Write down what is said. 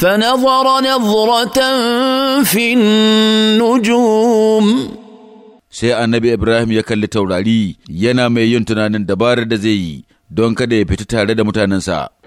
فنظر نظرة في النجوم sai annabi Ibrahim ya kalli taurari yana mai yin tunanin dabarar da zai yi don kada ya fita tare da mutanensa.